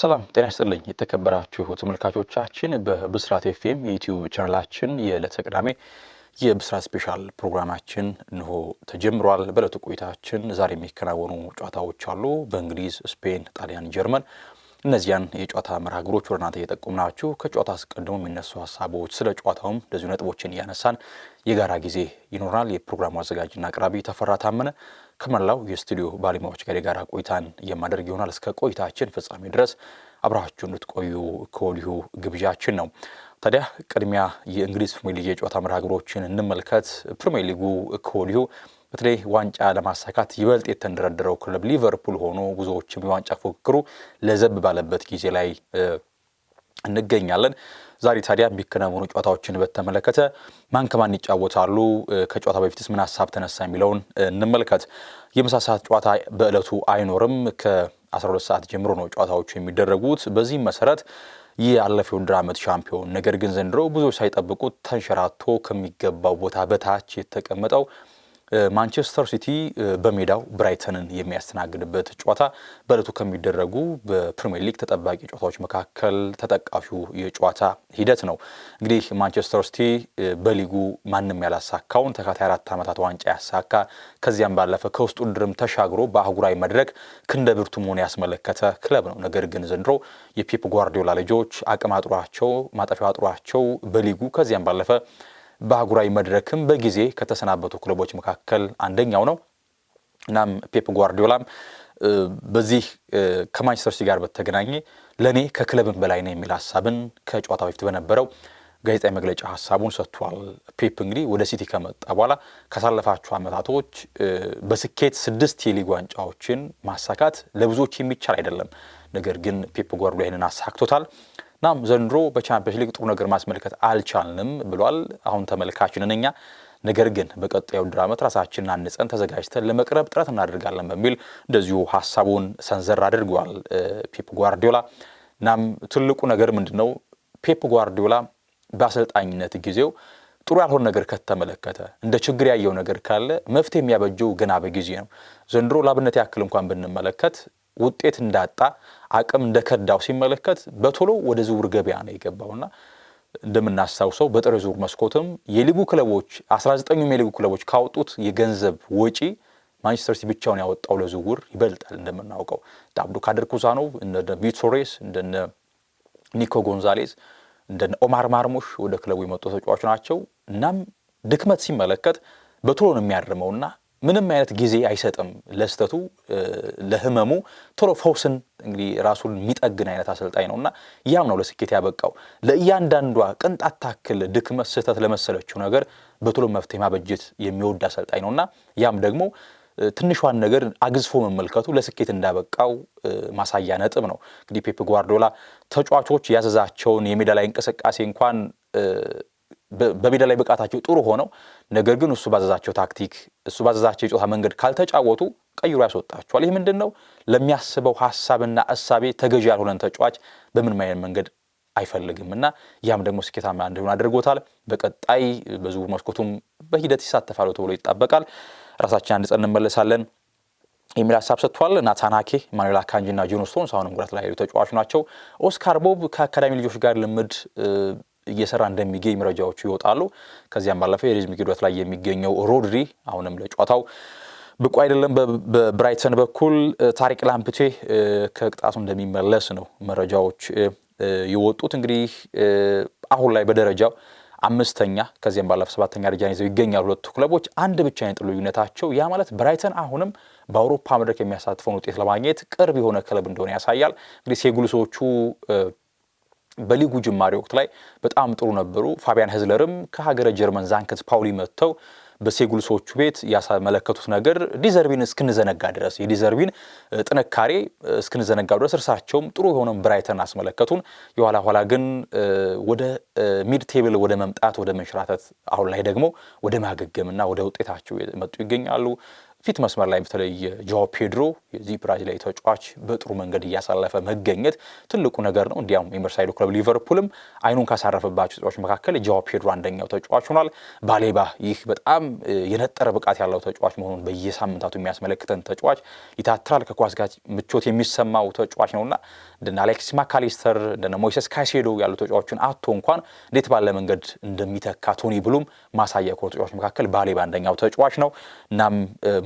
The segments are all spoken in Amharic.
ሰላም ጤና ይስጥልኝ የተከበራችሁ ተመልካቾቻችን በብስራት ኤፍኤም የዩትዩብ ቻናላችን የዕለተ ቅዳሜ የብስራት ስፔሻል ፕሮግራማችን እንሆ ተጀምሯል። በዕለቱ ቆይታችን ዛሬ የሚከናወኑ ጨዋታዎች አሉ። በእንግሊዝ፣ ስፔን፣ ጣሊያን፣ ጀርመን እነዚያን የጨዋታ መርሃ ግብሮች ወደ እናንተ እየጠቆምናችሁ ከጨዋታ አስቀድሞ የሚነሱ ሀሳቦች፣ ስለ ጨዋታውም እንደዚሁ ነጥቦችን እያነሳን የጋራ ጊዜ ይኖረናል። የፕሮግራሙ አዘጋጅና አቅራቢ ተፈራ ታመነ ከመላው የስቱዲዮ ባለሙያዎች ጋር የጋራ ቆይታን የማደርግ ይሆናል። እስከ ቆይታችን ፍጻሜ ድረስ አብራችሁ እንድትቆዩ ከወዲሁ ግብዣችን ነው። ታዲያ ቅድሚያ የእንግሊዝ ፕሪሚየር ሊግ የጨዋታ መርሃ ግብሮችን እንመልከት። ፕሪሚየር ሊጉ ከወዲሁ በተለይ ዋንጫ ለማሳካት ይበልጥ የተንደረደረው ክለብ ሊቨርፑል ሆኖ ብዙዎችም የዋንጫ ፉክክሩ ለዘብ ባለበት ጊዜ ላይ እንገኛለን። ዛሬ ታዲያ የሚከናወኑ ጨዋታዎችን በተመለከተ ማን ከማን ይጫወታሉ፣ ከጨዋታ በፊትስ ምን ሀሳብ ተነሳ የሚለውን እንመልከት። የምሳ ሰዓት ጨዋታ በዕለቱ አይኖርም። ከ12 ሰዓት ጀምሮ ነው ጨዋታዎቹ የሚደረጉት። በዚህም መሰረት ይህ ያለፈው ዓመት ሻምፒዮን ነገር ግን ዘንድሮ ብዙዎች ሳይጠብቁት ተንሸራቶ ከሚገባው ቦታ በታች የተቀመጠው ማንቸስተር ሲቲ በሜዳው ብራይተንን የሚያስተናግድበት ጨዋታ በእለቱ ከሚደረጉ በፕሪምየር ሊግ ተጠባቂ ጨዋታዎች መካከል ተጠቃሹ የጨዋታ ሂደት ነው። እንግዲህ ማንቸስተር ሲቲ በሊጉ ማንም ያላሳካውን ተካታይ አራት ዓመታት ዋንጫ ያሳካ ከዚያም ባለፈ ከውስጥ ውድድርም ተሻግሮ በአህጉራዊ መድረክ ክንደ ብርቱ መሆን ያስመለከተ ክለብ ነው። ነገር ግን ዘንድሮ የፔፕ ጓርዲዮላ ልጆች አቅም አጥሯቸው ማጠፊያ አጥሯቸው በሊጉ ከዚያም ባለፈ በአህጉራዊ መድረክም በጊዜ ከተሰናበቱ ክለቦች መካከል አንደኛው ነው። እናም ፔፕ ጓርዲዮላም በዚህ ከማንቸስተር ሲቲ ጋር በተገናኘ ለእኔ ከክለብን በላይ ነው የሚል ሀሳብን ከጨዋታ በፊት በነበረው ጋዜጣዊ መግለጫ ሀሳቡን ሰጥቷል። ፔፕ እንግዲህ ወደ ሲቲ ከመጣ በኋላ ካሳለፋቸው አመታቶች በስኬት ስድስት የሊግ ዋንጫዎችን ማሳካት ለብዙዎች የሚቻል አይደለም። ነገር ግን ፔፕ ጓርዲዮላ ይህንን አሳክቶታል። እናም ዘንድሮ በቻምፒዮንስ ሊግ ጥሩ ነገር ማስመልከት አልቻልንም ብሏል። አሁን ተመልካችን እኛ ነገር ግን በቀጣዩ ውድድር ዓመት ራሳችንን አንጸን ተዘጋጅተን ለመቅረብ ጥረት እናደርጋለን በሚል እንደዚሁ ሀሳቡን ሰንዘር አድርገዋል ፔፕ ጓርዲዮላ። እናም ትልቁ ነገር ምንድን ነው? ፔፕ ጓርዲዮላ በአሰልጣኝነት ጊዜው ጥሩ ያልሆነ ነገር ከተመለከተ እንደ ችግር ያየው ነገር ካለ መፍትሄ የሚያበጀው ገና በጊዜ ነው። ዘንድሮ ላብነት ያክል እንኳን ብንመለከት ውጤት እንዳጣ አቅም እንደከዳው ሲመለከት በቶሎ ወደ ዝውውር ገበያ ነው የገባውና እንደምናስታውሰው በጥር የዝውውር መስኮትም የሊጉ ክለቦች 19ኙም የሊጉ ክለቦች ካወጡት የገንዘብ ወጪ ማንቸስተር ሲቲ ብቻውን ያወጣው ለዝውውር ይበልጣል። እንደምናውቀው እንደ ካድር ኩዛኖቭ፣ እንደ ቪቶሬስ፣ እንደነ ኒኮ ጎንዛሌዝ፣ እንደነ ኦማር ማርሞሽ ወደ ክለቡ የመጡ ተጫዋቾች ናቸው። እናም ድክመት ሲመለከት በቶሎ ነው የሚያርመውና ምንም አይነት ጊዜ አይሰጥም ለስተቱ ለህመሙ ቶሎ ፈውስን እንግዲህ ራሱን የሚጠግን አይነት አሰልጣኝ ነው እና ያም ነው ለስኬት ያበቃው። ለእያንዳንዷ ቅንጣት ታክል ድክመት፣ ስህተት ለመሰለችው ነገር በቶሎ መፍትሄ ማበጀት የሚወድ አሰልጣኝ ነው እና ያም ደግሞ ትንሿን ነገር አግዝፎ መመልከቱ ለስኬት እንዳበቃው ማሳያ ነጥብ ነው። እንግዲህ ፔፕ ጓርዶላ ተጫዋቾች ያዘዛቸውን የሜዳ ላይ እንቅስቃሴ እንኳን በሜዳ ላይ ብቃታቸው ጥሩ ሆነው ነገር ግን እሱ ባዘዛቸው ታክቲክ እሱ ባዘዛቸው የጨዋታ መንገድ ካልተጫወቱ ቀይሮ ያስወጣቸዋል። ይህ ምንድን ነው? ለሚያስበው ሀሳብና እሳቤ ተገዥ ያልሆነን ተጫዋች በምን ማየት መንገድ አይፈልግም እና ያም ደግሞ ስኬታማ እንዲሆን አድርጎታል። በቀጣይ በዝውውር መስኮቱም በሂደት ይሳተፋሉ ተብሎ ይጠበቃል። ራሳችን አንድ ጸን እንመለሳለን የሚል ሀሳብ ሰጥቷል። ናታን አኬ፣ ማኑኤል እና ጆን ስቶንስ አሁንም ጉዳት ላይ ያሉ ተጫዋች ናቸው። ኦስካር ቦብ ከአካዳሚ ልጆች ጋር ልምድ እየሰራ እንደሚገኝ መረጃዎቹ ይወጣሉ። ከዚያም ባለፈ የሪዝም ሂደት ላይ የሚገኘው ሮድሪ አሁንም ለጨዋታው ብቁ አይደለም። በብራይተን በኩል ታሪክ ላምፕቴ ከቅጣቱ እንደሚመለስ ነው መረጃዎች የወጡት። እንግዲህ አሁን ላይ በደረጃው አምስተኛ ከዚያም ባለፈ ሰባተኛ ደረጃ ይዘው ይገኛሉ ሁለቱ ክለቦች አንድ ብቻ አይነት ልዩነታቸው። ያ ማለት ብራይተን አሁንም በአውሮፓ መድረክ የሚያሳትፈውን ውጤት ለማግኘት ቅርብ የሆነ ክለብ እንደሆነ ያሳያል። እንግዲህ ሴጉልሶቹ በሊጉ ጅማሬ ወቅት ላይ በጣም ጥሩ ነበሩ። ፋቢያን ህዝለርም ከሀገረ ጀርመን ዛንከት ፓውሊ መጥተው በሴጉልሶቹ ቤት ያመለከቱት ነገር ዲዘርቢን እስክንዘነጋ ድረስ የዲዘርቢን ጥንካሬ እስክንዘነጋ ድረስ እርሳቸውም ጥሩ የሆነ ብራይተን አስመለከቱን። የኋላ ኋላ ግን ወደ ሚድ ቴብል ወደ መምጣት ወደ መንሸራተት አሁን ላይ ደግሞ ወደ ማገገምና ወደ ውጤታቸው መጡ ይገኛሉ። ፊት መስመር ላይ በተለይ ጆ ፔድሮ የዚህ ብራዚላዊ ተጫዋች በጥሩ መንገድ እያሳለፈ መገኘት ትልቁ ነገር ነው። እንዲያውም የመርሳይዶ ክለብ ሊቨርፑልም አይኑን ካሳረፈባቸው ተጫዋች መካከል ጆ ፔድሮ አንደኛው ተጫዋች ሆኗል። ባሌባ ይህ በጣም የነጠረ ብቃት ያለው ተጫዋች መሆኑን በየሳምንታቱ የሚያስመለክተን ተጫዋች ይታትራል። ከኳስ ጋር ምቾት የሚሰማው ተጫዋች ነውና እንደነ አሌክስ ማካሊስተር እንደነ ሞይሰስ ካይሴዶ ያሉ ተጫዋቾችን አቶ እንኳን እንዴት ባለ መንገድ እንደሚተካ ቶኒ ብሉም ማሳያ ከሆኑ ተጫዋቾች መካከል ባሌ በአንደኛው ተጫዋች ነው። እናም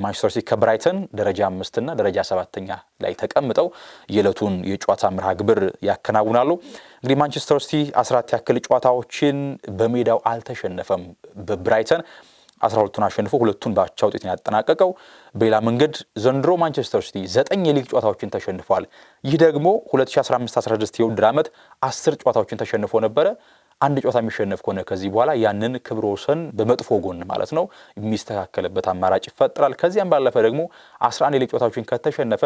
ማንቸስተር ሲቲ ከብራይተን ደረጃ አምስትና ደረጃ ሰባተኛ ላይ ተቀምጠው የዕለቱን የጨዋታ መርሃ ግብር ያከናውናሉ። እንግዲህ ማንቸስተር ሲቲ አስራት ያክል ጨዋታዎችን በሜዳው አልተሸነፈም በብራይተን አስራሁለቱን አሸንፎ ሁለቱን በአቻ ውጤትን ያጠናቀቀው። በሌላ መንገድ ዘንድሮ ማንቸስተር ሲቲ ዘጠኝ የሊግ ጨዋታዎችን ተሸንፏል። ይህ ደግሞ 2015/16 የውድድር ዓመት አስር ጨዋታዎችን ተሸንፎ ነበረ። አንድ ጨዋታ የሚሸነፍ ከሆነ ከዚህ በኋላ ያንን ክብረ ወሰን በመጥፎ ጎን ማለት ነው የሚስተካከልበት አማራጭ ይፈጠራል። ከዚያም ባለፈ ደግሞ 11 የሊግ ጨዋታዎችን ከተሸነፈ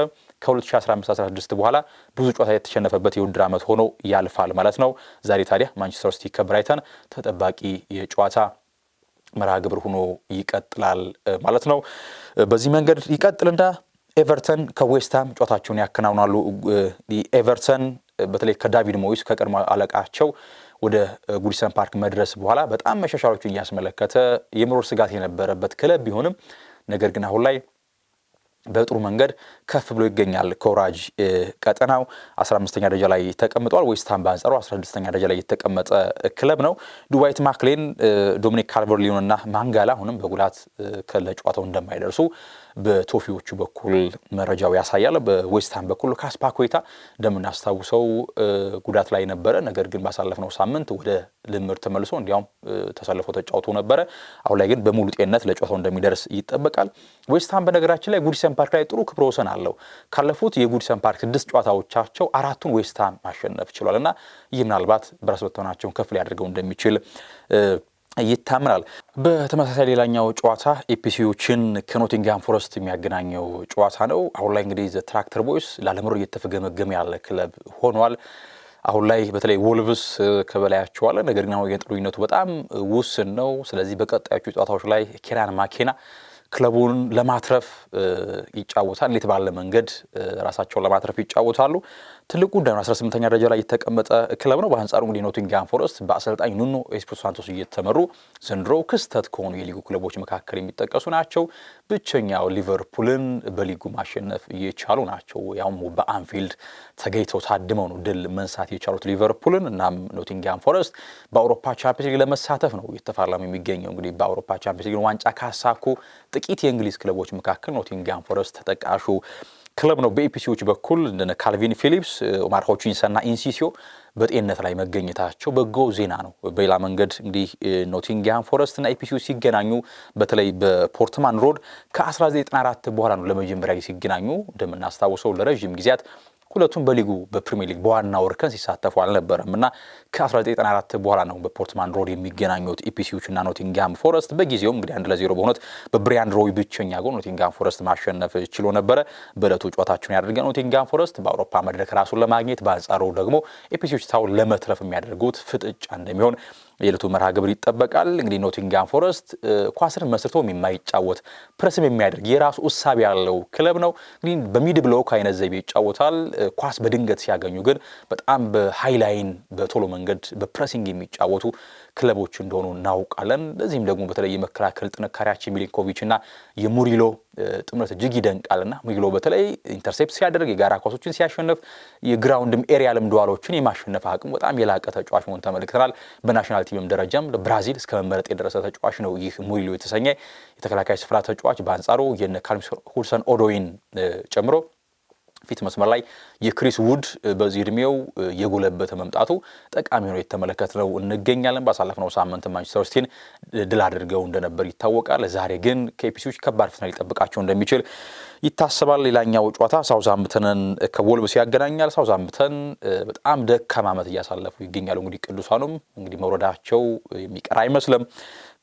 ከ2015/16 በኋላ ብዙ ጨዋታ የተሸነፈበት የውድድር ዓመት ሆኖ ያልፋል ማለት ነው። ዛሬ ታዲያ ማንቸስተር ሲቲ ከብራይተን ተጠባቂ የጨዋታ መርሃ ግብር ሆኖ ይቀጥላል ማለት ነው። በዚህ መንገድ ይቀጥልና ኤቨርተን ከዌስትሃም ጨዋታቸውን ያከናውናሉ። ኤቨርተን በተለይ ከዳቪድ ሞይስ ከቀድሞ አለቃቸው ወደ ጉዲሰን ፓርክ መድረስ በኋላ በጣም መሻሻሎችን እያስመለከተ የምሮር ስጋት የነበረበት ክለብ ቢሆንም ነገር ግን አሁን ላይ በጥሩ መንገድ ከፍ ብሎ ይገኛል። ከወራጅ ቀጠናው 15ኛ ደረጃ ላይ ተቀምጧል። ዌስትሃም በአንጻሩ 16ኛ ደረጃ ላይ የተቀመጠ ክለብ ነው። ዱባይት ማክሌን፣ ዶሚኒክ ካልቨርሊዮን እና ማንጋላ አሁንም በጉዳት ከለጨዋታው እንደማይደርሱ በቶፊዎቹ በኩል መረጃው ያሳያል። በዌስትሃም በኩል ካስፓ ኮይታ እንደምናስታውሰው ጉዳት ላይ ነበረ። ነገር ግን ባሳለፍነው ሳምንት ወደ ልምር ተመልሶ እንዲያውም ተሰልፎ ተጫውቶ ነበረ። አሁን ላይ ግን በሙሉ ጤንነት ለጨዋታው እንደሚደርስ ይጠበቃል። ዌስትሃም በነገራችን ላይ ጉዲሰን ፓርክ ላይ ጥሩ ክብረ ወሰን አለው። ካለፉት የጉዲሰን ፓርክ ስድስት ጨዋታዎቻቸው አራቱን ዌስትሃም ማሸነፍ ችሏል እና ይህ ምናልባት በራስ በተሆናቸውን ከፍ ሊያደርገው እንደሚችል ይታምናል። በተመሳሳይ ሌላኛው ጨዋታ ኤፒሲዎችን ከኖቲንግሃም ፎረስት የሚያገናኘው ጨዋታ ነው። አሁን ላይ እንግዲህ ዘ ትራክተር ቦይስ ላለምሮ እየተፈገመገመ ያለ ክለብ ሆኗል። አሁን ላይ በተለይ ወልቭስ ከበላያቸው አለ። ነገር ግን አሁን የጥሉኝነቱ በጣም ውስን ነው። ስለዚህ በቀጣዮቹ ጨዋታዎች ላይ ኬራን ማኬና ክለቡን ለማትረፍ ይጫወታል። እንዴት ባለ መንገድ ራሳቸውን ለማትረፍ ይጫወታሉ። ትልቁ ጉዳይ 18 18ኛ ደረጃ ላይ የተቀመጠ ክለብ ነው። በአንጻሩ እንግዲህ ኖቲንግሃም ፎረስት በአሰልጣኝ ኑኖ ኤስፒሪቶ ሳንቶስ እየተመሩ ዘንድሮ ክስተት ከሆኑ የሊጉ ክለቦች መካከል የሚጠቀሱ ናቸው። ብቸኛው ሊቨርፑልን በሊጉ ማሸነፍ እየቻሉ ናቸው። ያውም በአንፊልድ ተገኝተው ታድመው ነው ድል መንሳት የቻሉት ሊቨርፑልን። እናም ኖቲንግሃም ፎረስት በአውሮፓ ቻምፒየንስ ሊግ ለመሳተፍ ነው እየተፋለመ የሚገኘው። እንግዲህ በአውሮፓ ቻምፒየንስ ሊግ ዋንጫ ካሳኩ ጥቂት የእንግሊዝ ክለቦች መካከል ኖቲንግሃም ፎረስት ተጠቃሹ ክለብ ነው። በኢፒሲዎች በኩል እንደነ ካልቪን ፊሊፕስ፣ ኦማር ሆቺንሰንና ኢንሲሲዮ በጤንነት ላይ መገኘታቸው በጎ ዜና ነው። በሌላ መንገድ እንግዲህ ኖቲንግሃም እና ኢፒሲዎች ሲገናኙ በተለይ በፖርትማን ሮድ ከ1994 በኋላ ነው ለመጀመሪያ ሲገናኙ እንደምናስታውሰው ለረዥም ጊዜያት ሁለቱም በሊጉ በፕሪሚየር ሊግ በዋናው እርከን ሲሳተፉ አልነበረም እና ከ1994 በኋላ ነው በፖርትማን ሮድ የሚገናኙት ኢፒሲዎችና ኖቲንግሃም ፎረስት። በጊዜውም እንግዲህ አንድ ለዜሮ በሆነት በብሪያን ሮይ ብቸኛ ጎል ኖቲንግሃም ፎረስት ማሸነፍ ችሎ ነበረ። በእለቱ ጨዋታቸውን ያደርገ ኖቲንግሃም ፎረስት በአውሮፓ መድረክ ራሱን ለማግኘት በአንጻሩ ደግሞ ኢፒሲዎች ታውን ለመትረፍ የሚያደርጉት ፍጥጫ እንደሚሆን የዕለቱ መርሃ ግብር ይጠበቃል። እንግዲህ ኖቲንጋም ፎረስት ኳስን መስርቶ የማይጫወት ፕረስም የሚያደርግ የራሱ እሳቤ ያለው ክለብ ነው። እንግዲህ በሚድ ብሎክ አይነት ዘይቤ ይጫወታል። ኳስ በድንገት ሲያገኙ ግን በጣም በሃይላይን በቶሎ መንገድ በፕረሲንግ የሚጫወቱ ክለቦች እንደሆኑ እናውቃለን። ለዚህም ደግሞ በተለይ የመከላከል ጥንካሬያቸው የሚሊንኮቪችና የሙሪሎ ጥምረት እጅግ ይደንቃልና ሙሪሎ በተለይ ኢንተርሴፕት ሲያደርግ የጋራ ኳሶችን ሲያሸንፍ የግራውንድም ኤሪያ ልምድዋሎችን የማሸነፍ አቅም በጣም የላቀ ተጫዋች መሆን ተመልክተናል። በናሽናል ቲምም ደረጃም ለብራዚል እስከ መመረጥ የደረሰ ተጫዋች ነው። ይህ ሙሪሎ የተሰኘ የተከላካይ ስፍራ ተጫዋች በአንጻሩ የነ ካልምስ ኦዶይን ጨምሮ ፊት መስመር ላይ የክሪስ ውድ በዚህ እድሜው የጎለበተ መምጣቱ ጠቃሚ ሆኖ የተመለከትነው እንገኛለን። ባሳለፍነው ሳምንት ማንቸስተር ሲቲን ድል አድርገው እንደነበር ይታወቃል። ዛሬ ግን ከኤፒሲዎች ከባድ ፍትና ሊጠብቃቸው እንደሚችል ይታሰባል። ሌላኛው ጨዋታ ሳውዛምተንን ከወልብስ ያገናኛል። ሳውዛምተን በጣም ደካማ ዓመት እያሳለፉ ይገኛሉ። እንግዲህ ቅዱሳኑም እንግዲህ መውረዳቸው የሚቀር አይመስልም።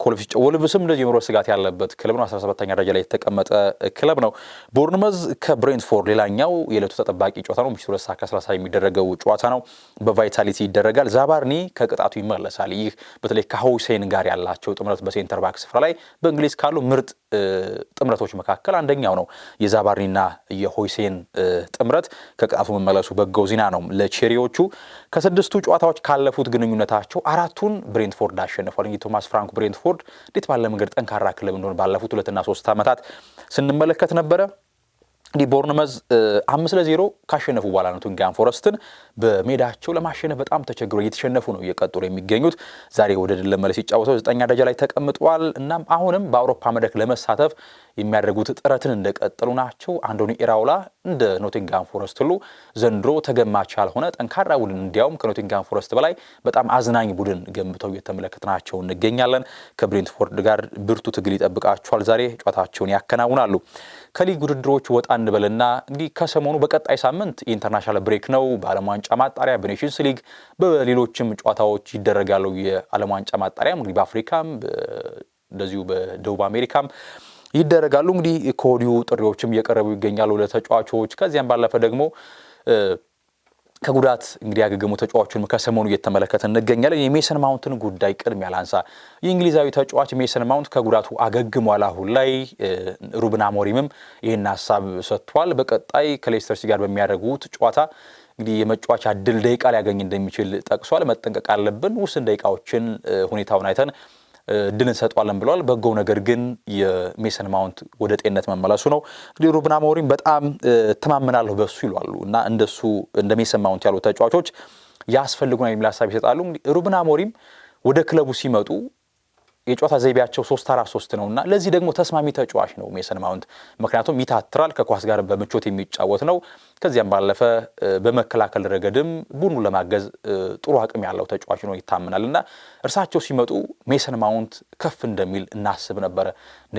ኮልፊ ወልቭስም እንደዚህ የምሮ ስጋት ያለበት ክለብ ነው። 17ኛ ደረጃ ላይ የተቀመጠ ክለብ ነው። ቦርንመዝ ከብሬንትፎርድ ሌላኛው የዕለቱ ተጠባቂ ጨዋታ ነው። ምሽቱ ሁለት ሰዓት ከ30 የሚደረገው ጨዋታ ነው። በቫይታሊቲ ይደረጋል። ዛባርኒ ከቅጣቱ ይመለሳል። ይህ በተለይ ከሁሴን ጋር ያላቸው ጥምረት በሴንተር ባክ ስፍራ ላይ በእንግሊዝ ካሉ ምርጥ ጥምረቶች መካከል አንደኛው ነው። የዛባርኒና የሆይሴን ጥምረት ከቅጣቱ መመለሱ በጎ ዜና ነው ለቼሪዎቹ። ከስድስቱ ጨዋታዎች ካለፉት ግንኙነታቸው አራቱን ብሬንትፎርድ አሸንፏል። እንግዲህ ቶማስ ፍራንኩ ብሬንትፎርድ ራሽፎርድ እንዴት ባለ መንገድ ጠንካራ ክለብ እንደሆነ ባለፉት ሁለትና ሶስት ዓመታት ስንመለከት ነበረ። እንዲህ ቦርንመዝ አምስት ለዜሮ ካሸነፉ በኋላ ነው ኖቲንግሃም ፎረስትን በሜዳቸው ለማሸነፍ በጣም ተቸግሮ እየተሸነፉ ነው እየቀጠሉ የሚገኙት። ዛሬ ወደ ድል ለመለስ ሲጫወተው ዘጠኛ ደረጃ ላይ ተቀምጠዋል። እናም አሁንም በአውሮፓ መድረክ ለመሳተፍ የሚያደርጉት ጥረትን እንደቀጠሉ ናቸው። አንዶኒ ኢራውላ እንደ ኖቲንጋም ፎረስት ሁሉ ዘንድሮ ተገማች ያልሆነ ጠንካራ ቡድን እንዲያውም ከኖቲንጋም ፎረስት በላይ በጣም አዝናኝ ቡድን ገንብተው እየተመለከትናቸው እንገኛለን። ከብሬንትፎርድ ጋር ብርቱ ትግል ይጠብቃቸዋል። ዛሬ ጨዋታቸውን ያከናውናሉ። ከሊግ ውድድሮች ወጣ እንበልና እንግዲህ ከሰሞኑ በቀጣይ ሳምንት የኢንተርናሽናል ብሬክ ነው። በዓለም ዋንጫ ማጣሪያ፣ በኔሽንስ ሊግ፣ በሌሎችም ጨዋታዎች ይደረጋሉ። የዓለም ዋንጫ ማጣሪያም እንግዲህ በአፍሪካም እንደዚሁ በደቡብ አሜሪካም ይደረጋሉ። እንግዲህ ከወዲሁ ጥሪዎችም እየቀረቡ ይገኛሉ ለተጫዋቾች። ከዚያም ባለፈ ደግሞ ከጉዳት እንግዲህ ያገገሙ ተጫዋቹን ከሰሞኑ እየተመለከተ እንገኛለን። የሜሰን ማውንትን ጉዳይ ቅድሚያ ላንሳ። የእንግሊዛዊ ተጫዋች ሜሰን ማውንት ከጉዳቱ አገግሟል። አሁን ላይ ሩበን አሞሪምም ይህን ሀሳብ ሰጥቷል። በቀጣይ ከሌስተር ሲቲ ጋር በሚያደርጉት ጨዋታ እንግዲህ የመጫዋች እድል ደቂቃ ሊያገኝ እንደሚችል ጠቅሷል። መጠንቀቅ አለብን። ውስን ደቂቃዎችን ሁኔታውን አይተን ድል እንሰጧለን ብለዋል። በጎው ነገር ግን የሜሰን ማውንት ወደ ጤንነት መመለሱ ነው። እንግዲህ ሩበን አሞሪም በጣም እተማመናለሁ በሱ ይሏሉ እና እንደሱ እንደ ሜሰን ማውንት ያሉ ተጫዋቾች ያስፈልጉናል የሚል ሀሳብ ይሰጣሉ። እንግዲህ ሩበን አሞሪም ወደ ክለቡ ሲመጡ የጨዋታ ዘይቤያቸው ሶስት አራት ሶስት ነው እና ለዚህ ደግሞ ተስማሚ ተጫዋች ነው ሜሰን ማውንት። ምክንያቱም ይታትራል፣ ከኳስ ጋር በምቾት የሚጫወት ነው። ከዚያም ባለፈ በመከላከል ረገድም ቡድኑ ለማገዝ ጥሩ አቅም ያለው ተጫዋች ነው ይታመናል እና እርሳቸው ሲመጡ ሜሰን ማውንት ከፍ እንደሚል እናስብ ነበረ።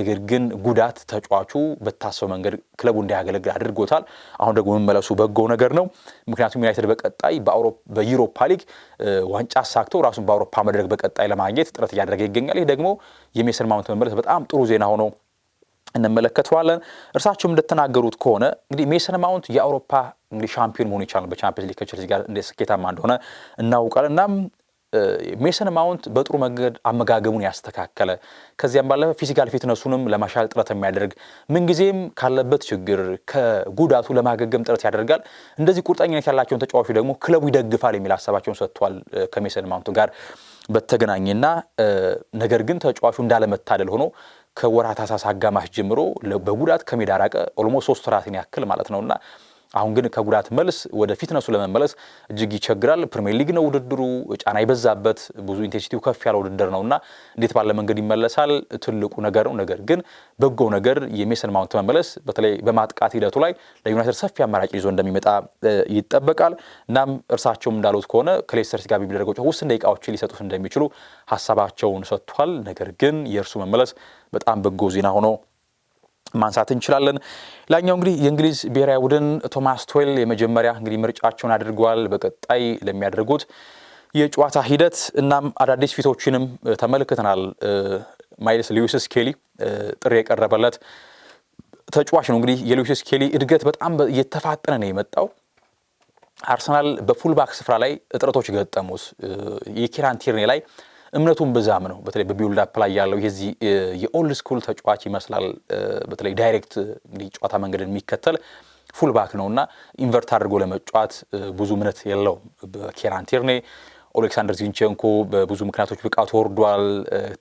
ነገር ግን ጉዳት ተጫዋቹ በታሰበው መንገድ ክለቡ እንዳያገለግል አድርጎታል። አሁን ደግሞ መመለሱ በጎው ነገር ነው። ምክንያቱም ዩናይትድ በቀጣይ በዩሮፓ ሊግ ዋንጫ አሳክቶ ራሱን በአውሮፓ መድረክ በቀጣይ ለማግኘት ጥረት እያደረገ ይገኛል። ይህ ደግሞ የሜሰን ማውንት መመለስ በጣም ጥሩ ዜና ሆኖ እንመለከተዋለን። እርሳቸውም እንደተናገሩት ከሆነ እንግዲህ ሜሰን ማውንት የአውሮፓ እንግዲህ ሻምፒዮን መሆን ይቻላል። በቻምፒዮንስ ሊግ ከቼልሲ ጋር እንደ ስኬታማ እንደሆነ እናውቃለን። እናም ሜሰን ማውንት በጥሩ መንገድ አመጋገቡን ያስተካከለ ከዚያም ባለፈ ፊዚካል ፊትነሱንም ለማሻል ጥረት የሚያደርግ ምንጊዜም ካለበት ችግር ከጉዳቱ ለማገገም ጥረት ያደርጋል። እንደዚህ ቁርጠኝነት ያላቸውን ተጫዋቹ ደግሞ ክለቡ ይደግፋል የሚል ሀሳባቸውን ሰጥቷል ከሜሰን ማውንቱ ጋር በተገናኘና ነገር ግን ተጫዋቹ እንዳለመታደል ሆኖ ከወራት አሳሳ አጋማሽ ጀምሮ በጉዳት ከሜዳ ራቀ። ኦልሞ ሶስት ወራትን ያክል ማለት ነውና አሁን ግን ከጉዳት መልስ ወደ ፊትነሱ ለመመለስ እጅግ ይቸግራል። ፕሪሚየር ሊግ ነው ውድድሩ፣ ጫና ይበዛበት፣ ብዙ ኢንቴንሲቲው ከፍ ያለ ውድድር እና እንዴት ባለ መንገድ ይመለሳል ትልቁ ነገር ነው። ነገር ግን በጎው ነገር የሜሰን ማውንት መመለስ በተለይ በማጥቃት ሂደቱ ላይ ለዩናይትድ ሰፊ አማራጭ ይዞ እንደሚመጣ ይጠበቃል። እናም እርሳቸውም እንዳሉት ከሆነ ከሌስተር ሲቲ ጋር በሚደረገው ጨዋታ ውስን ደቂቃዎችን ሊሰጡት እንደሚችሉ ሀሳባቸውን ሰጥቷል። ነገር ግን የእርሱ መመለስ በጣም በጎ ዜና ሆኖ ማንሳት እንችላለን። ላኛው እንግዲህ የእንግሊዝ ብሔራዊ ቡድን ቶማስ ቶይል የመጀመሪያ እንግዲህ ምርጫቸውን አድርገዋል በቀጣይ ለሚያደርጉት የጨዋታ ሂደት። እናም አዳዲስ ፊቶችንም ተመልክተናል። ማይልስ ሉዊስ ስኬሊ ጥሪ የቀረበለት ተጫዋች ነው። እንግዲህ የሉዊስ ስኬሊ እድገት በጣም እየተፋጠነ ነው የመጣው። አርሰናል በፉልባክ ስፍራ ላይ እጥረቶች ገጠሙት። የኪራን ቲርኔ ላይ እምነቱን ብዛም ነው። በተለይ በቢውልድ አፕ ላይ ያለው የዚህ የኦልድ ስኩል ተጫዋች ይመስላል። በተለይ ዳይሬክት እንግዲህ ጨዋታ መንገድን የሚከተል ፉልባክ ነው እና ኢንቨርት አድርጎ ለመጫወት ብዙ እምነት የለውም። በኬራን ቲርኔ ኦሌክሳንደር ዚንቼንኮ በብዙ ምክንያቶች ብቃቱ ወርዷል።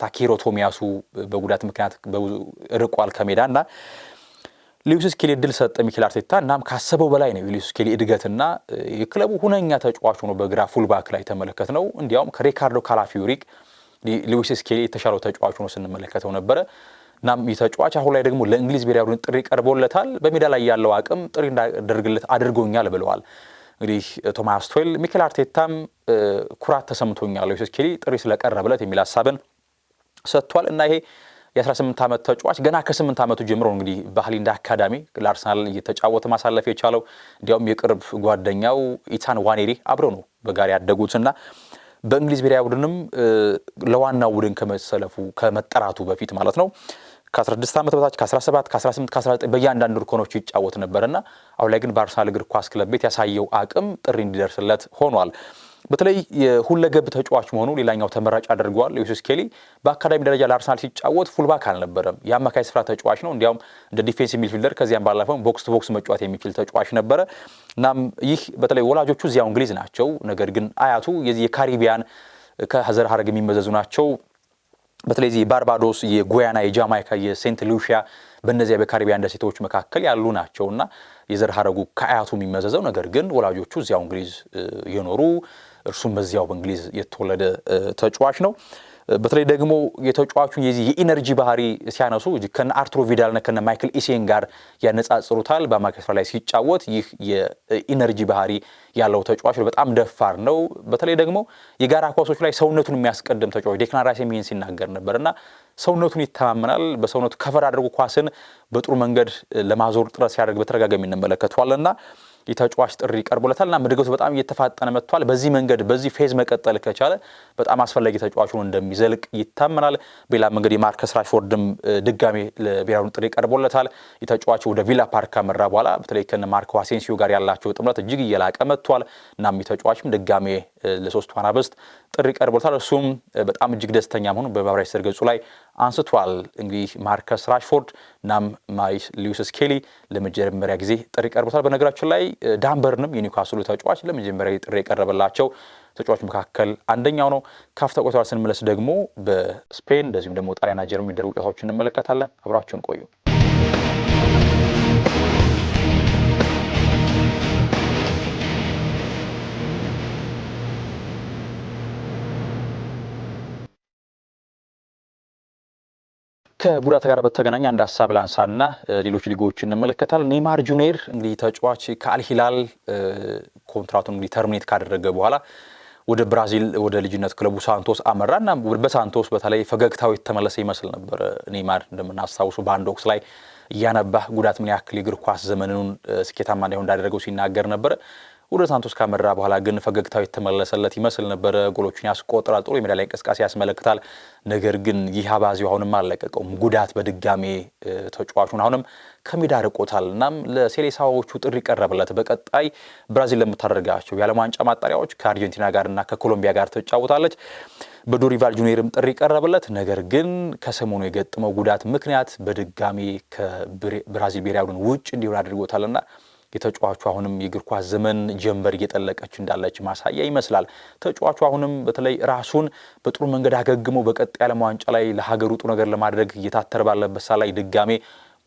ታኪሮ ቶሚያሱ በጉዳት ምክንያት በብዙ ርቋል ከሜዳ እና ሊዩስ ስኬሊ እድል ሰጠ ሚኬል አርቴታ። እናም ካሰበው በላይ ነው የሉዊስ ስኬሊ እድገትና የክለቡ ሁነኛ ተጫዋች ሆኖ በግራ ፉልባክ ላይ ተመለከት ነው። እንዲያውም ከሪካርዶ ካላፊዮሪክ ሉዊስ ስኬሊ የተሻለው ተጫዋች ሆኖ ስንመለከተው ነበረ። እናም ተጫዋች አሁን ላይ ደግሞ ለእንግሊዝ ብሔራዊ ቡድን ጥሪ ቀርቦለታል። በሜዳ ላይ ያለው አቅም ጥሪ እንዳደርግለት አድርጎኛል ብለዋል። እንግዲህ ቶማስ ቶይል ሚኬል አርቴታም ኩራት ተሰምቶኛል ሉዊስ ስኬሊ ጥሪ ስለቀረበለት የሚል ሀሳብን ሰጥቷል እና ይሄ የ18 ዓመት ተጫዋች ገና ከ8 ዓመቱ ጀምሮ እንግዲህ በሃሊንድ አካዳሚ ለአርሰናል እየተጫወተ ማሳለፍ የቻለው እንዲያውም የቅርብ ጓደኛው ኢታን ዋኔሪ አብረው ነው በጋር ያደጉትና በእንግሊዝ ብሔራዊ ቡድንም ለዋና ቡድን ከመሰለፉ ከመጠራቱ በፊት ማለት ነው ከ16 ዓመት በታች ከ17 ከ18 ከ19 በእያንዳንዱ እርከኖች ይጫወት ነበርና አሁን ላይ ግን በአርሰናል እግር ኳስ ክለብ ቤት ያሳየው አቅም ጥሪ እንዲደርስለት ሆኗል። በተለይ የሁለገብ ተጫዋች መሆኑ ሌላኛው ተመራጭ አድርገዋል። ዩሱስ ኬሊ በአካዳሚ ደረጃ ለአርሰናል ሲጫወት ፉልባክ አልነበረም፣ የአማካይ ስፍራ ተጫዋች ነው። እንዲያውም እንደ ዲፌንስ ሚድፊልደር ከዚያም ባለፈው ቦክስ ቱ ቦክስ መጫወት የሚችል ተጫዋች ነበረ። እናም ይህ በተለይ ወላጆቹ እዚያው እንግሊዝ ናቸው፣ ነገር ግን አያቱ የዚህ የካሪቢያን ከዘር ሀረግ የሚመዘዙ ናቸው። በተለይ የባርባዶስ የጉያና የጃማይካ የሴንት ሉሺያ በእነዚያ በካሪቢያን ደሴቶች መካከል ያሉ እና የዘር ሀረጉ ከአያቱ የሚመዘዘው ነገር ግን ወላጆቹ እዚያው እንግሊዝ የኖሩ እርሱም በዚያው በእንግሊዝ የተወለደ ተጫዋች ነው። በተለይ ደግሞ የተጫዋቹን የዚህ የኢነርጂ ባህሪ ሲያነሱ ከነ አርቱሮ ቪዳልና ከነ ማይክል ኢሴን ጋር ያነጻጽሩታል። በአማካይ ስፍራ ላይ ሲጫወት ይህ የኢነርጂ ባህሪ ያለው ተጫዋች ነው። በጣም ደፋር ነው። በተለይ ደግሞ የጋራ ኳሶች ላይ ሰውነቱን የሚያስቀድም ተጫዋች ዴክላን ራይስ ይህን ሲናገር ነበር እና ሰውነቱን ይተማመናል። በሰውነቱ ከፈር አድርጎ ኳስን በጥሩ መንገድ ለማዞር ጥረት ሲያደርግ በተደጋጋሚ እንመለከተዋለንና የተጫዋች ጥሪ ቀርቦለታል እና እድገቱ በጣም እየተፋጠነ መጥቷል። በዚህ መንገድ በዚህ ፌዝ መቀጠል ከቻለ በጣም አስፈላጊ ተጫዋች ሆኖ እንደሚዘልቅ ይታመናል። በሌላ መንገድ የማርከስ ራሽፎርድም ድጋሜ ለብሔራዊ ጥሪ ቀርቦለታል። የተጫዋች ወደ ቪላ ፓርክ ካመራ በኋላ በተለይ ከነ ማርኮ አሴንሲዮ ጋር ያላቸው ጥምረት እጅግ እየላቀ መጥቷል። እናም የተጫዋችም ድጋሜ ለሶስት ዋና ጥሪ ቀርቦለታል። እሱም በጣም እጅግ ደስተኛ መሆኑ በማህበራዊ ስር ገጹ ላይ አንስቷል። እንግዲህ ማርከስ ራሽፎርድ እናም ማይ ሊዩስ ስኬሊ ለመጀመሪያ ጊዜ ጥሪ ቀርቦታል። በነገራችን ላይ ዳንበርንም የኒውካስሉ ተጫዋች ለመጀመሪያ ጥሪ የቀረበላቸው ተጫዋች መካከል አንደኛው ነው። ካፍታ ቆይታ ስንመለስ ደግሞ በስፔን እንደዚሁም ደግሞ ጣሊያንና ጀርመን የሚደረጉ ጨዋታዎች እንመለከታለን። አብራችሁን ቆዩ። ከጉዳት ጋር በተገናኘ አንድ ሀሳብ ላንሳና ሌሎች ሊጎች እንመለከታል። ኔማር ጁኒየር እንግዲህ ተጫዋች ከአልሂላል ኮንትራቱን እንግዲህ ተርሚኔት ካደረገ በኋላ ወደ ብራዚል ወደ ልጅነት ክለቡ ሳንቶስ አመራ እና በሳንቶስ በተለይ ፈገግታው የተመለሰ ይመስል ነበር። ኔማር እንደምናስታውሱ በአንድ ወቅት ላይ እያነባ ጉዳት ምን ያክል የእግር ኳስ ዘመንኑን ስኬታማ እንዳይሆን እንዳደረገው ሲናገር ነበር። ወደ ሳንቶስ ካመራ በኋላ ግን ፈገግታው የተመለሰለት ይመስል ነበረ። ጎሎቹን ያስቆጥራል። ጥሩ የሜዳ ላይ እንቅስቃሴ ያስመለክታል። ነገር ግን ይህ አባዜው አሁንም አለቀቀውም። ጉዳት በድጋሜ ተጫዋቹን አሁንም ከሜዳ ርቆታል። እናም ለሴሌሳዎቹ ጥሪ ቀረበለት። በቀጣይ ብራዚል ለምታደርጋቸው የዓለም ዋንጫ ማጣሪያዎች ከአርጀንቲና ጋር እና ከኮሎምቢያ ጋር ትጫወታለች። በዶሪቫል ጁኒየርም ጥሪ ቀረበለት። ነገር ግን ከሰሞኑ የገጠመው ጉዳት ምክንያት በድጋሜ ከብራዚል ብሔራዊ ቡድን ውጭ እንዲሆን አድርጎታልና የተጫዋቹ አሁንም የእግር ኳስ ዘመን ጀንበር እየጠለቀች እንዳለች ማሳያ ይመስላል። ተጫዋቹ አሁንም በተለይ ራሱን በጥሩ መንገድ አገግሞ በቀጣይ ዓለም ዋንጫ ላይ ለሀገሩ ጥሩ ነገር ለማድረግ እየታተረ ባለበት ላይ ድጋሜ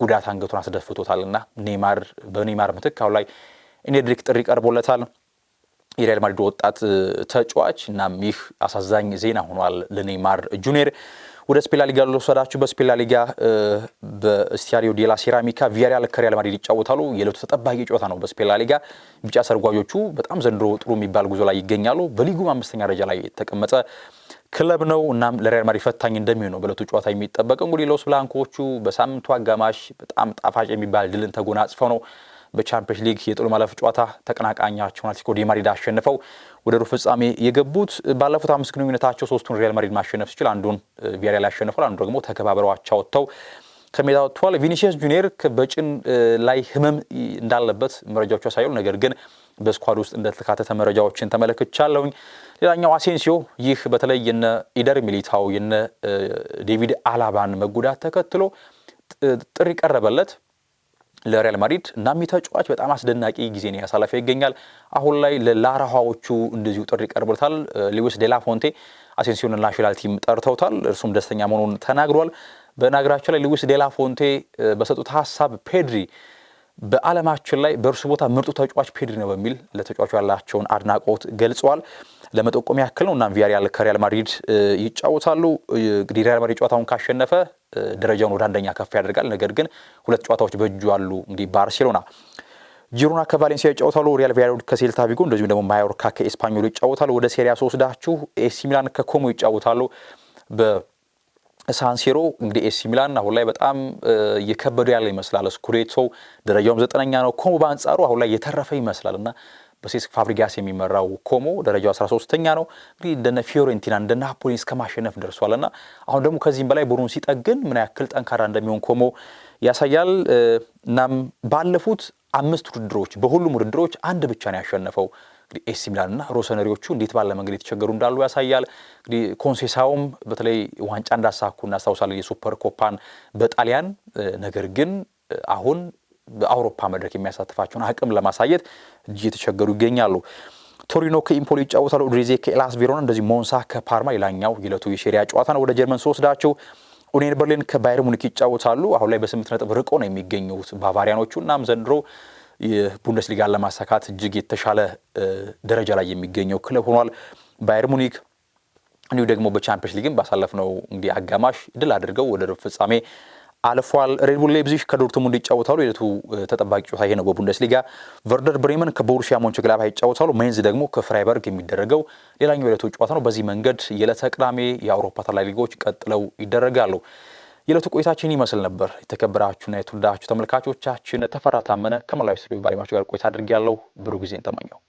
ጉዳት አንገቱን አስደፍቶታል እና ኔማር በኔማር ምትክ አሁን ላይ ኢኔድሪክ ጥሪ ቀርቦለታል። የሪያል ማድሪድ ወጣት ተጫዋች። እናም ይህ አሳዛኝ ዜና ሆኗል ለኔማር ጁኒየር። ወደ ስፔላ ሊጋ ልወሰዳችሁ። በስፔላ ሊጋ በስቲያሪዮ ዴላ ሴራሚካ ቪያሪያል ከሪያል ማድሪድ ይጫወታሉ። የለቱ ተጠባቂ ጨዋታ ነው። በስፔላ ሊጋ ቢጫ ሰርጓጆቹ በጣም ዘንድሮ ጥሩ የሚባል ጉዞ ላይ ይገኛሉ። በሊጉ አምስተኛ ደረጃ ላይ የተቀመጠ ክለብ ነው። እናም ለሪያል ማድሪድ ፈታኝ እንደሚሆን ነው በለቱ ጨዋታ የሚጠበቀው። እንግዲህ ሎስ ብላንኮቹ በሳምንቱ አጋማሽ በጣም ጣፋጭ የሚባል ድልን ተጎናጽፈው ነው በቻምፒዮንስ ሊግ የጥሎ ማለፍ ጨዋታ ተቀናቃኛቸውን አትሌቲኮ ዲ ማድሪድ አሸንፈው ወደ ሩብ ፍጻሜ የገቡት ባለፉት አምስት ግንኙነታቸው ሶስቱን ሪያል ማድሪድ ማሸነፍ ሲችል አንዱን ቪያሪያል ያሸንፏል፣ አንዱ ደግሞ ተከባብረው አቻ ወጥተው ከሜዳ ወጥተዋል። ቪኒሲየስ ጁኒየር በጭን ላይ ህመም እንዳለበት መረጃዎቹ ያሳያሉ። ነገር ግን በስኳድ ውስጥ እንደተካተተ መረጃዎችን ተመለክቻለሁኝ። ሌላኛው አሴንሲዮ ይህ በተለይ የነ ኢደር ሚሊታው የነ ዴቪድ አላባን መጎዳት ተከትሎ ጥሪ ቀረበለት። ለሪያል ማድሪድ እናም ተጫዋች በጣም አስደናቂ ጊዜን ያሳለፈ ይገኛል። አሁን ላይ ለላረሃዎቹ እንደዚሁ ጥሪ ቀርቦለታል። ሊዊስ ዴላ ፎንቴ አሴንሲዮን ናሽናል ቲም ጠርተውታል። እርሱም ደስተኛ መሆኑን ተናግሯል። በነገራቸው ላይ ሊዊስ ዴላ ፎንቴ በሰጡት ሀሳብ ፔድሪ በዓለማችን ላይ በእርሱ ቦታ ምርጡ ተጫዋች ፔድሪ ነው በሚል ለተጫዋቹ ያላቸውን አድናቆት ገልጸዋል። ለመጠቆም ያክል ነው። እናም ቪያሪያል ከሪያል ማድሪድ ይጫወታሉ። እንግዲህ ሪያል ማድሪድ ጨዋታውን ካሸነፈ ደረጃውን ወደ አንደኛ ከፍ ያደርጋል። ነገር ግን ሁለት ጨዋታዎች በእጁ አሉ። እንግዲህ ባርሴሎና ጂሮና ከቫሌንሲያ ይጫወታሉ። ሪያል ቪያሪድ ከሴልታ ቪጎ፣ እንደዚሁም ደግሞ ማዮርካ ከኤስፓኞሉ ይጫወታሉ። ወደ ሴሪያ ስወስዳችሁ ኤሲ ሚላን ከኮሞ ይጫወታሉ በሳንሲሮ። እንግዲህ ኤሲ ሚላን አሁን ላይ በጣም እየከበደ ያለ ይመስላል። ስኩዴቶ ደረጃውም ዘጠነኛ ነው። ኮሞ በአንጻሩ አሁን ላይ የተረፈ ይመስላል እና በሴስክ ፋብሪጋስ የሚመራው ኮሞ ደረጃው 13ተኛ ነው። እንግዲህ እንደነ ፊዮሬንቲና እንደ ናፖሊ እስከ ማሸነፍ ደርሷል እና አሁን ደግሞ ከዚህም በላይ ቡድኑን ሲጠግን ምን ያክል ጠንካራ እንደሚሆን ኮሞ ያሳያል። እናም ባለፉት አምስት ውድድሮች በሁሉም ውድድሮች አንድ ብቻ ነው ያሸነፈው። እንግዲህ ኤሲ ሚላን እና ሮሰነሪዎቹ እንዴት ባለ መንገድ የተቸገሩ እንዳሉ ያሳያል። እንግዲህ ኮንሴሳውም በተለይ ዋንጫ እንዳሳኩ እናስታውሳለን የሱፐር ኮፓን በጣሊያን ነገር ግን አሁን በአውሮፓ መድረክ የሚያሳትፋቸውን አቅም ለማሳየት እጅ የተቸገሩ ይገኛሉ። ቶሪኖ ከኢምፖሊ ይጫወታሉ። ኡዲኔዜ ከኤላስ ቬሮና፣ እንደዚህ ሞንሳ ከፓርማ ሌላኛው የዕለቱ የሴሪያ ጨዋታ ነው። ወደ ጀርመን ስወስዳችሁ ኡኒየን በርሊን ከባየር ሙኒክ ይጫወታሉ። አሁን ላይ በስምንት ነጥብ ርቆ ነው የሚገኙት ባቫሪያኖቹ። እናም ዘንድሮ የቡንደስሊጋን ለማሳካት እጅግ የተሻለ ደረጃ ላይ የሚገኘው ክለብ ሆኗል ባየር ሙኒክ። እንዲሁ ደግሞ በቻምፒየንስ ሊግም ባሳለፍነው እንግዲህ አጋማሽ ድል አድርገው ወደ ሩብ ፍጻሜ አልፏል። ሬድቡል ሌብዚሽ ከዶርትሙንድ ይጫወታሉ። የዕለቱ ተጠባቂ ጨዋታ ይሄ ነው በቡንደስሊጋ። ቨርደር ብሬመን ከቦሩሲያ ሞንቸንግላድባች ይጫወታሉ። ሜንዝ ደግሞ ከፍራይበርግ የሚደረገው ሌላኛው የዕለቱ ጨዋታ ነው። በዚህ መንገድ የዕለተ ቅዳሜ የአውሮፓ ታላላቅ ሊጎች ቀጥለው ይደረጋሉ። የዕለቱ ቆይታችን ይመስል ነበር። የተከበራችሁና የተወደዳችሁ ተመልካቾቻችን ተፈራ ታመነ ከመላዊ ስቱዲዮ ባለሙያዎች ጋር ቆይታ አድርጌያለሁ። ብሩህ ጊዜን ተመኘው።